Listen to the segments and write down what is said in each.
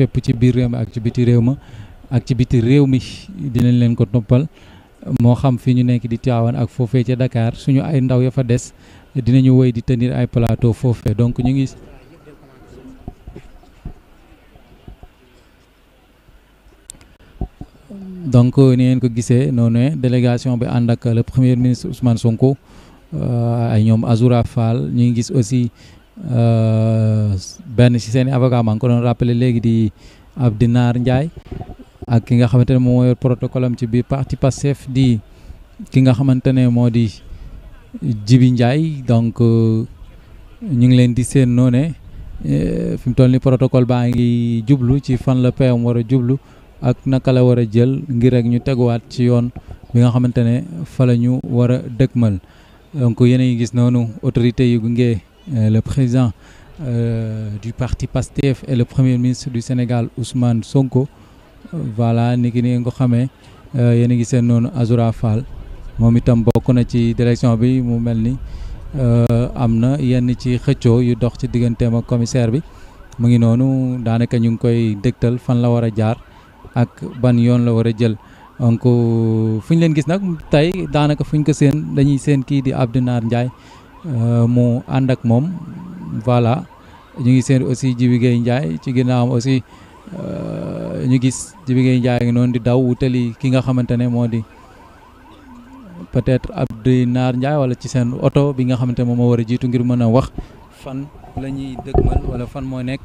fépp ci biir réew mi ak ci biti réew ma ak ci biti réew mi dinañ leen ko toppal moo xam fi ñu nekk di Tivaouane ak foofee ca Dakar suñu ay ndaw ya fa des dinañu woy di tenir ay plateau foofee donc ñu ngi donc euh, ni ngeen ko gisee noonu délégation bi ànd ak le premier ministre Ousmane Sonko euh, ay ñoom Azoura Fall ñu ngi gis aussi Euh, benn ci seen avocat maa ngi ko doon rappelé léegi di naar njaay ak ki nga xamante ne moom mooy protocole am ci biir parti Pastef di ki nga xamante ne moo di Jibi njaay donc euh, ñu ngi leen di seen noone ne euh, fi mu toll ni protocole baa ngi jublu ci fan la PM war a jublu ak naka la war a jël ngir rek ñu teguwaat ci yoon bi nga xamante ne fa la ñu war a dëkkmal donc yéen gis noonu autorités yu gunge. Euh, le président euh, du parti PASTEF et le premier ministre du Sénégal Ousmane Sonko voilà ni ki ni nga xamee euh, yéen a ngi seen noonu Azoura Fall moom itam bokk na ci direction bi mu mel ni am na yenn ci xëccoo yu dox ci digganteem ak commissaire bi mu ngi noonu daanaka ñu ngi koy dégtal fan la war a jaar ak ban yoon la war a jël donc fu ñu leen gis nag tey daanaka fu ñu ko seen dañuy seen kii di Abdou Nar Ndiaye Euh, mu ànd ak moom voilà ñu ngi seen aussi Jibi Gueye Ndiaye ci ginnaawam aussi euh, ñu gis Jibi Gueye Ndiaye ngi noonu di daw wutali ki nga xamante ne moo di peut-être Abdou Naar Ndiaye wala ci seen oto bi nga xamante ne moom moo war a jiitu ngir mën a wax fan lañuy ñuy dëgmal wala fan moo nekk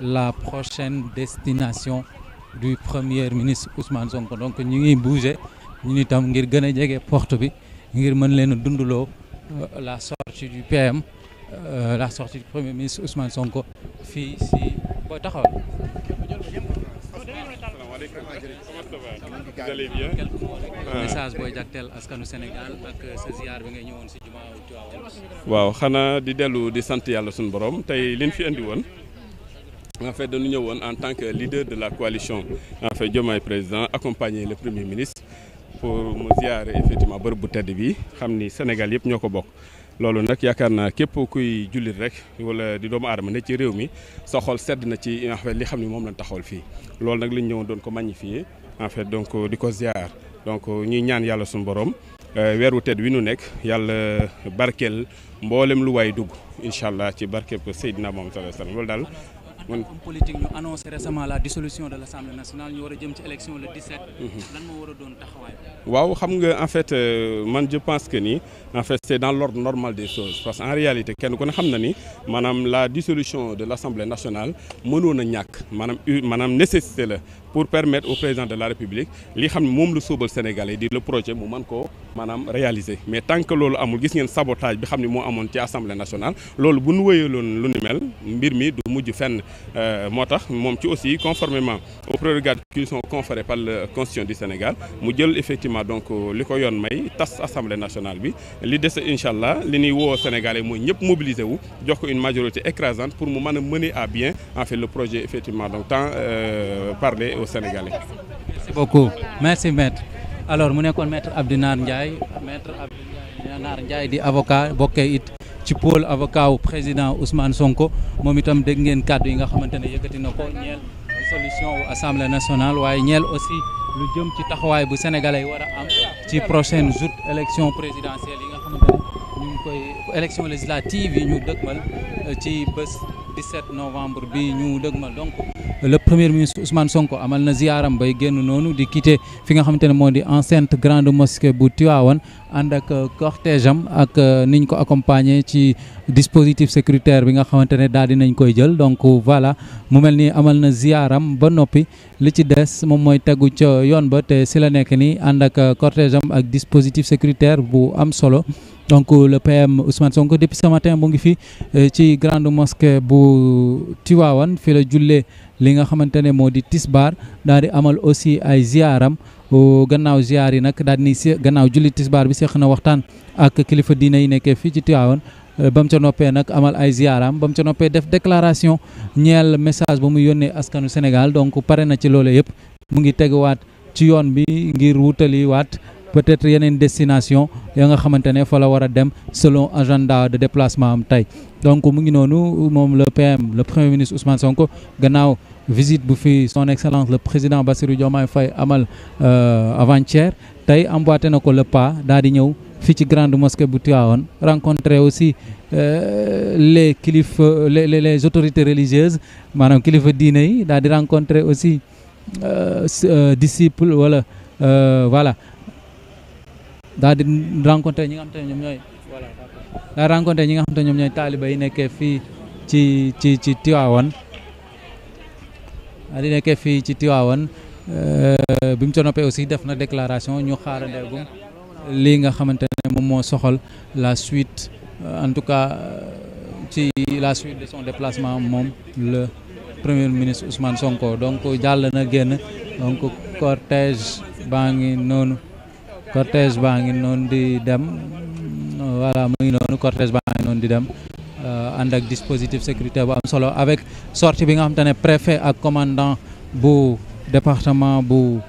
la prochaine destination du premier ministre Ousmane sonk donc ñu ngi bouger ñu itam ngir gën a jege porte bi ngir mën leen a dundaloo euh, la sortie du PM euh, la fii si booy taxawal. message booy jagteel askanu Sénégal ak sa bi ngay ñëwoon si jumaa waaw xanaa di dellu di sant yàlla suñu borom tey lin fi indi woon. en fait dañu ñëwoon en tant que leader de la coalition en fait Diomaye président accompagner le premier ministre pour mu ziare effectivement bërëb bu tedd bi xam ni Sénégal yëpp ñoo ko bokk. loolu nag yaakaar naa képp kuy jullit rek wala di doomu aadama ne ci réew mi sa xol sedd na ci en fait li xam ne moom lañ taxawal fii loolu nag lañ ñëwoon doon ko magnifier en fait donc di ko ziar donc ñuy ñaan yàlla suñu borom euh, weeru tedd wi nu nekk yàlla barkeel mboolem lu waay dugg incha allah ci barkeel ko Seydina Muhammad sallallahu sa wa sallam loolu daal man homme politique ñu la dissolution de l' assemblée nationale ñu war a jëm ci élection le 17. Mhm. lan moo war a doon waaw xam nga en fait euh, man je pense que ni en fait c' est dans l' ordre normal des choses parce que en réalité kenn ku ne xam na ni maanaam la dissolution de l' assemblée nationale mënoon a ñàkk maanaam maanaam nécessité la. pour permettre au président de la République li xam ne moom la sóobal sénégalais di le projet mu mën koo maanaam réaliser mais tant que loolu amul gis ngeen sabotage bi xam ne moo amoon ci assemblée nationale loolu bu nu wéyaloon lu ni mel mbir mi du mujj fenn euh, moo tax moom ci aussi conformément aux prérogatives qui sont conférées par la constitution du Sénégal mu jël effectivement donc euh, li ko yoon may tas assemblée nationale bi li dese incha allah li nuy woo sénégalais mooy ñëpp mobiliser wu jox ko une majorité écrasante pour mu mën a mener à bien en fait le projet effectivement donc tant euh, sénégalais. merci beaucoup merci alors mu nekkoon maître Abdinar Ndiaye njaay Abdinar Ndiaye di avocat bokkee it ci pôle avocat président Ousmane Sonko moom itam dégg ngeen kàddu yi nga xamante ne yëkkati na ko ñeel solution wu assemblée nationale waaye ñeel aussi lu jëm ci taxawaay bu sénégalais war a am ci prochaine jour élection présidentielle yi nga xamante ne ñu ngi koy élection législative yi ñu dëgmal euh, ci bés 17 novembre bi ñu dëgmal donc. le première ministre Ousmane Sonko amal na ziaram bay génn noonu di quitter fi nga xamante ne moo di enceinte grande mosquée bu Tivaouane ànd ak euh, cortège am ak euh, niñ ko accompagner ci dispositif sécuritaire bi nga xamante ne daal dinañ koy jël donc voilà mu mel ni amal na ziaram ba noppi li ci des moom mooy tegu ca yoon ba te si la nekk ni ànd ak euh, cortège am ak dispositif sécuritaire bu am solo donc euh, le PM Ousmane Sonko depuis ce matin mu ngi fi euh, ci grande mosquée bu Tivaouane fi la jullee li nga xamante ne moo di tisbaar daal di amal aussi ay ziaram gannaaw ziar yi nag daal di ni gannaaw julli tisbaar bi seex na waxtaan ak kilifa diine yi nekkee fii ci Tivaouane euh, bam mu ca noppee nag amal ay ziaram ba ca noppee def déclaration ñeel message ba mu yónnee askanu Sénégal donc pare na ci loole yëpp mu ngi teguwaat ci yoon bi ngir wutali peut-être yeneen destination ya nga xamante ne fa la war a dem selon agenda de déplacement am tey donc mu ngi noonu moom le PM le premier ministre Ousmane Sonko gannaaw visite bu fi son excellence le président Bassirou Diomaye Faye amal euh, avant-hier tey emboîté na ko le pas daal di ñëw fii ci grande mosquée bu Tivaouane rencontrer aussi euh, les kilifa les les autorités religieuses maanaam kilifa diine yi daal di rencontrer aussi euh, disciples wala voilà daal di rencontré ñi nga xam ñoom ñooy voilà daal ñi nga xam ne ñoom ñooy taaliba yi nekkee fii ci ci ci Tiwaawan daal di nekkee fii ci Tiwaawan euh, bi mu ca noppee aussi def na déclaration ñu xaarandeegum lii nga xamante ne moom moo soxol la suite euh, en tout cas euh, ci la suite de son déplacement moom le premier ministre Ousmane Sonko donc jàll na génn donc cortège baa ngi noonu cortège baa ngi noonu di dem voilà mu ngi noonu cortège baa ngi noonu di dem euh, ànd ak dispositif sécurité bu am solo avec sortie bi nga xam te ne préfet ak commandant bu département bu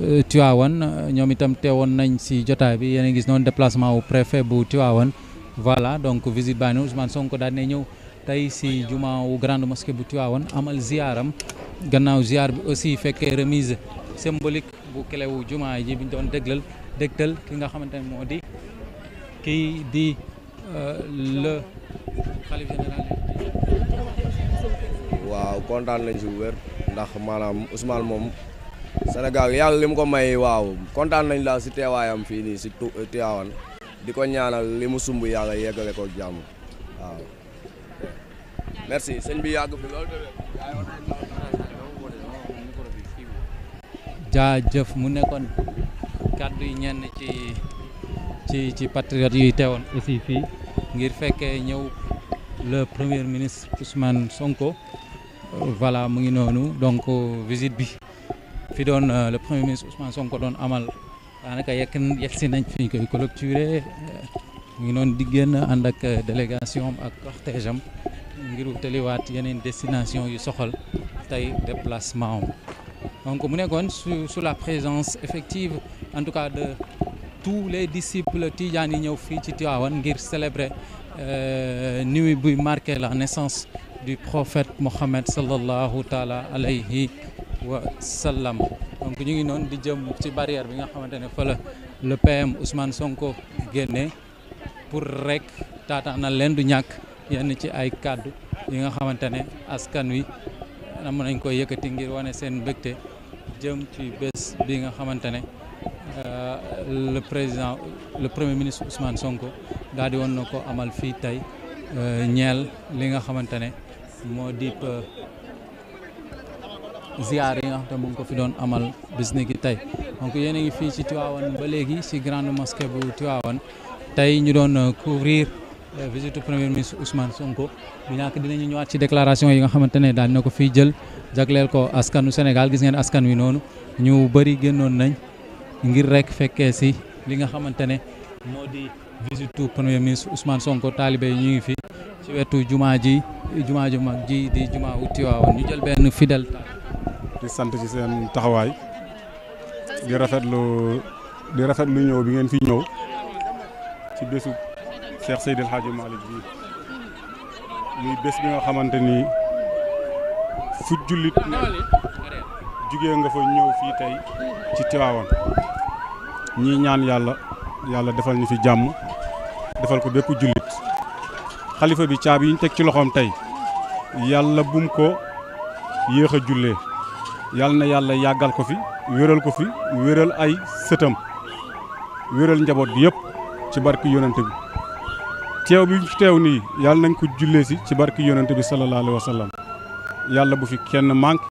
euh, Tivaouane ñoom itam teewoon nañ si jotaay bi yéen a gis noonu déplacement wu préfet bu Tivaouane voilà donc visite baa ngi Ousmane Sonko daal ne ñëw tey si juma wu grande mosquée bu Tivaouane amal ziaram gannaaw ziar bi aussi fekkee remise symbolique bu clé wu juma biñ doon déglal dégtal ki nga xamante ne moo di kii di euh, le xalif général waaw kontaan nañ si bu wér ndax maanaam Ousmane moom Sénégal yàlla li mu ko may waaw kontaan nañ daal si teewaayam fii nii si Tivaouane di ko ñaanal li mu sumb yàlla yeggale ko jàmm waaw merci sëñ bi yàgg fi loolu jaajëf mu nekkoon kàddu yi ñenn ci ci ci patriote yuy teewoon aussi fii ngir fekkee ñëw le premier ministre Ousmane Sonko euh, voilà mu ngi noonu donc euh, visite bi fi doon euh, le premier ministre Ousmane Sonko doon amal daanaka yekk yegg si nañ fi ñu koy collecturé mu ngi noonu di génn ànd ak délégation ak cortège am ngir wutaliwaat yeneen destination yu soxal tey déplacement am donc mu nekkoon sous la présence effective en tout cas de tous les disciples Tidiane yi ñëw fii ci Tivaouane ngir célébrer euh, niwi buy marqué la naissance du prophète Mohammed sallallahu taala alayhi wa sallam donc ñu ngi noonu di jëm ci barrière bi nga xamante ne fa la le PM Ousmane Sonko génne pour rek taataanal leen du ñàkk yenn ci ay kàddu yi nga xamante ne askan wi am nañ ko yëkkati ngir wane seen mbégte jëm ci bés bi nga xamante Euh, le président le premier ministre Ousmane Sonko daal di woon na ko amal fii tey euh, ñeel li nga xamante ne moo di euh, ziar yi nga xam te mu ko fi doon amal bis ni tey donc yéen a ngi fii ci Tivaouane ba léegi ci grande mosquée bu Tivaouane tey ñu doon couvrir visite premier ministre Ousmane Sonko bu ñàkk dinañu ñëwaat ci déclaration yi nga xamante ne daal na ko fii jël jagleel ko askanu Sénégal gis ngeen askan wi noonu ñu bëri génnoon nañ. ngir rekk fekkee si li nga xamante ne moo di visitu premier ministre Ousmane Sonko taalibe ñu ngi fi ci wetu jumaa ji jumaa ju mag ji di jumaa wu Tiwaawan ñu jël benn fidèle di sant ci seen taxawaay di rafetlu di rafetlu ñëw bi ngeen fi ñëw ci bésu Cheikh Seydi El Hadji Malick bés bi nga xamante ni fu jullit ne jugee nga fa ñëw fii tey ci Tiwaawan ñii ñaan yàlla yàlla defal ñu fi jàmm defal ko bépp jullit xalifa bi caabi yi teg ci loxoom tey yàlla bum ko yéex a jullee yàlla na yàlla yàggal ko fi wéral ko fi wéral ay sëtam wéral njaboot bi yëpp ci barki yonante bi teew bi ñu teew nii yàlla nañ ko jullee si ci barki yonante bi sallallahu alayhi yàlla bu fi kenn manqué